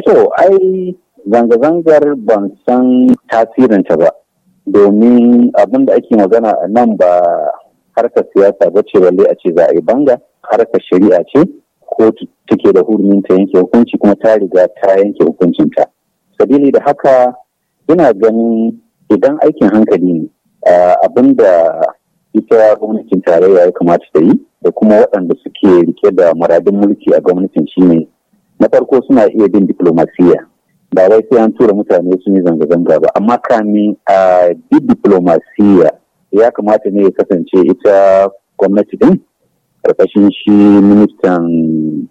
Eto, eh ai zanga-zangar ban san tasirinta ba, domin abin da ake magana a nan ba harkar siyasa ba ce balle a ce za a yi banga, harkar shari'a ce, ko take da hurumin ta yanke hukunci kuma ta riga ta yanke hukuncinta. Sabili da haka ina ganin idan aikin hankali ne, abin da ita gwamnatin tarayya ya kamata ta yi da kuma waɗanda suke rike da muradin mulki a gwamnatin shine farko suna iya bin diplomasiya ba wai sai an tura mutane sun yi zanga-zanga ba amma kamin a bi diplomasiya ya kamata ne ya kasance ita gwamnati din karkashin shi ministan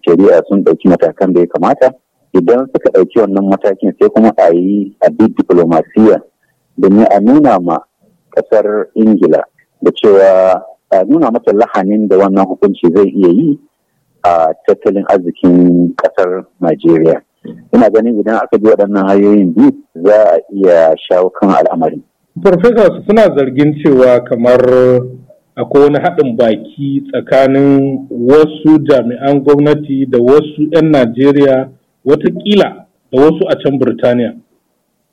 shari'a sun ɗauki matakan da ya kamata idan suka ɗauki wannan matakin sai kuma a yi a bi diplomasiya domin a nuna ma ƙasar ingila da cewa a nuna mata lahanin da wannan hukunci zai iya yi a tattalin arzikin kasar Najeriya. Ina ganin idan aka bi waɗannan hanyoyin biyu za a iya shawo kan al'amarin. Farfesa suna zargin cewa kamar akwai wani haɗin baki tsakanin wasu jami'an gwamnati da wasu 'yan Najeriya watakila da wasu a can Birtaniya.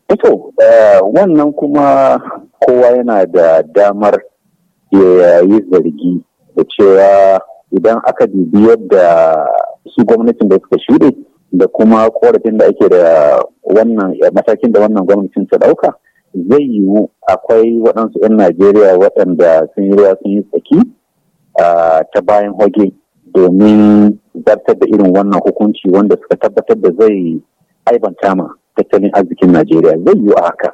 Ito, eh, wannan kuma kowa yana da damar ya yi zargi da cewa idan aka dubi yadda su gwamnatin da suka shirya da kuma korafin da ake da wannan eh, matakin da wannan gwamnatin ta ɗauka zai yiwu akwai waɗansu 'yan najeriya waɗanda sun yi ruwa sun yi tsaki ta bayan hoge domin zartar da irin wannan hukunci wanda suka tabbatar da zai aibanta ma tattalin arzikin najeriya zai yiwu a haka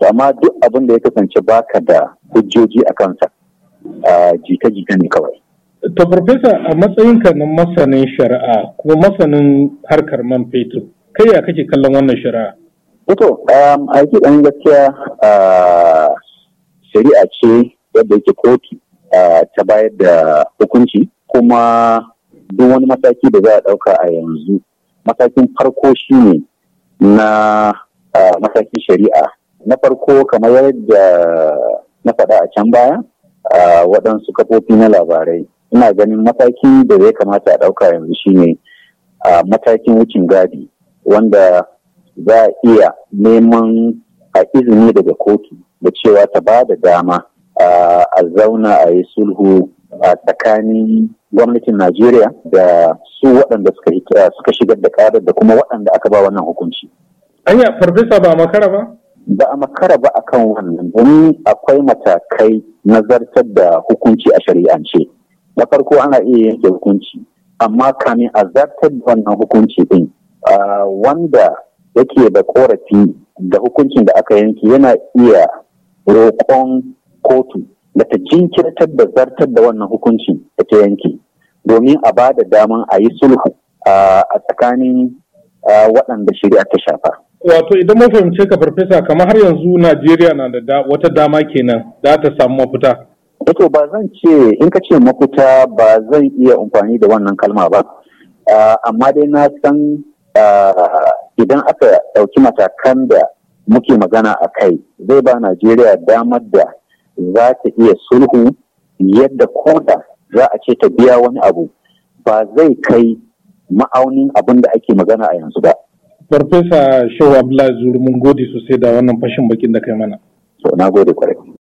to amma duk abin da ya kasance baka da hujjoji a kansa jita-jita ne kawai To, Farfesa, a matsayinka na masanin shari'a kuma masanin harkar man fetur, kai ya kake kallon wannan shari'a? Ito, eh um, a yake ɗan gaskiya shari'a ce yadda yake kotu ta bayar da hukunci kuma duk wani mataki da za a ɗauka a yanzu. Matakin farko shi ne na matakin shari'a. Na farko kamar yadda na faɗa a can baya, waɗansu kafofi na labarai. ina ganin matakin da zai kamata a ɗauka yanzu shine a matakin wucin gadi wanda za a iya neman a izini daga kotu da cewa ta ba da dama a zauna a yi sulhu a tsakanin gwamnatin najeriya da su waɗanda suka shigar da ƙarar da kuma waɗanda aka ba wannan hukunci anya farfisa ba makara ba ba a makara ba akan wannan domin akwai matakai nazartar da hukunci a shari'ance na farko ana iya yanke hukunci amma kamin a zartar da wannan hukunci din wanda yake da korafi da hukuncin da aka yanke yana iya roƙon kotu da ta jinkirtar da zartar da wannan hukunci da ta yanke domin a ba da daman a yi sulhu a tsakanin waɗanda shari'a ta shafa. Wato idan mun fahimce ka farfesa kamar har yanzu Najeriya na da wata dama kenan da ta samu mafita. wato ba zan ce in ka ce mafita ba zan iya amfani da wannan kalma ba. Ah, amma dai na san ah, idan aka ɗauki matakan da muke magana a kai zai ba Najeriya damar da za ta iya sulhu yadda koda za a ce ta biya wani abu ba zai kai ma'aunin abin da ake magana a yanzu ba. Farfesa Shehu Abdullahi Zuru mun gode sosai da wannan fashin bakin da kai mana. So na gode kwarai.